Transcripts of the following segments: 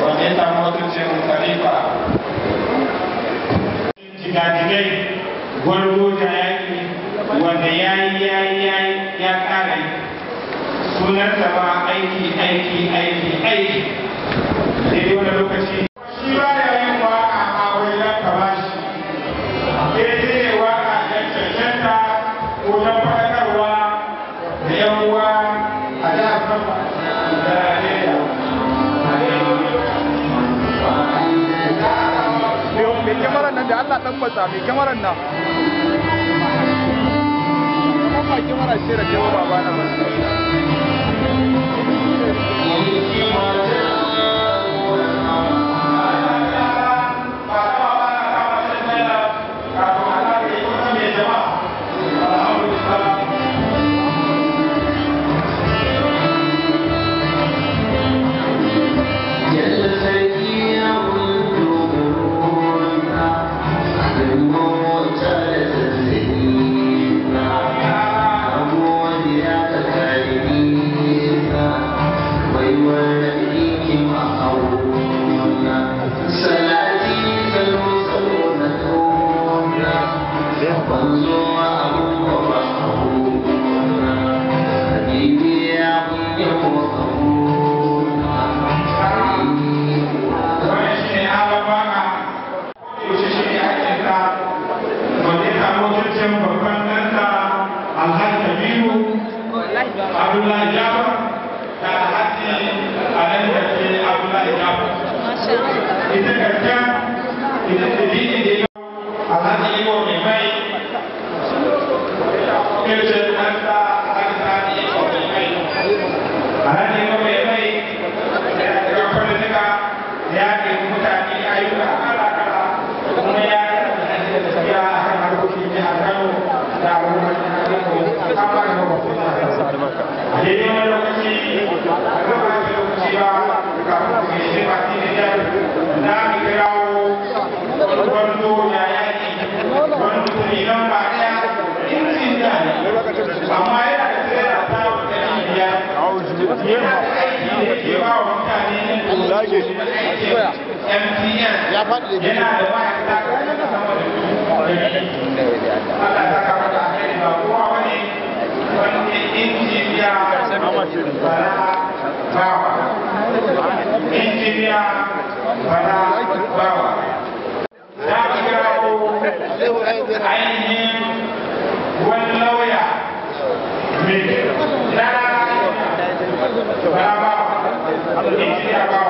Khalifa. Jigajigai, gwargo jaya wanda ya yi ya yi ya yi ya ƙara ba aiki aiki aiki aiki sai dai wani lokaci shi ba da yin waka a wani ya kama shi sai dai ne waka don cancanta ko don faɗakarwa da yan uwa a jihar Kano mai kyamarar nan da Allah dan kwasa mai kyamarar nan baki mara shi da kewa baba na ba. abdullahi jafar da hati alayi da ke abdullahi jafar ita gaskiya ita ce dini da yawa alhaji imo mai mai yage ya faɗi da biyu injiniya bana bawa za a kirawo ainihin wani lauya mai rana ba injiniya bawa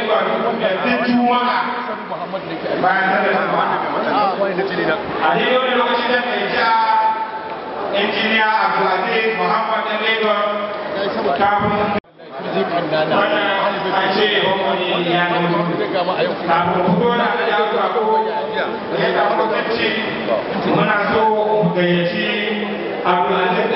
duk juma'a bayan da juma'a a daidai wani lokaci da mai ja injiniya abdulaziz muhammad dan lagos kafin an ce homoni ya nemo kafin hudu na da ya zuwa ko ya tafi lokaci muna so gayyaci abdulaziz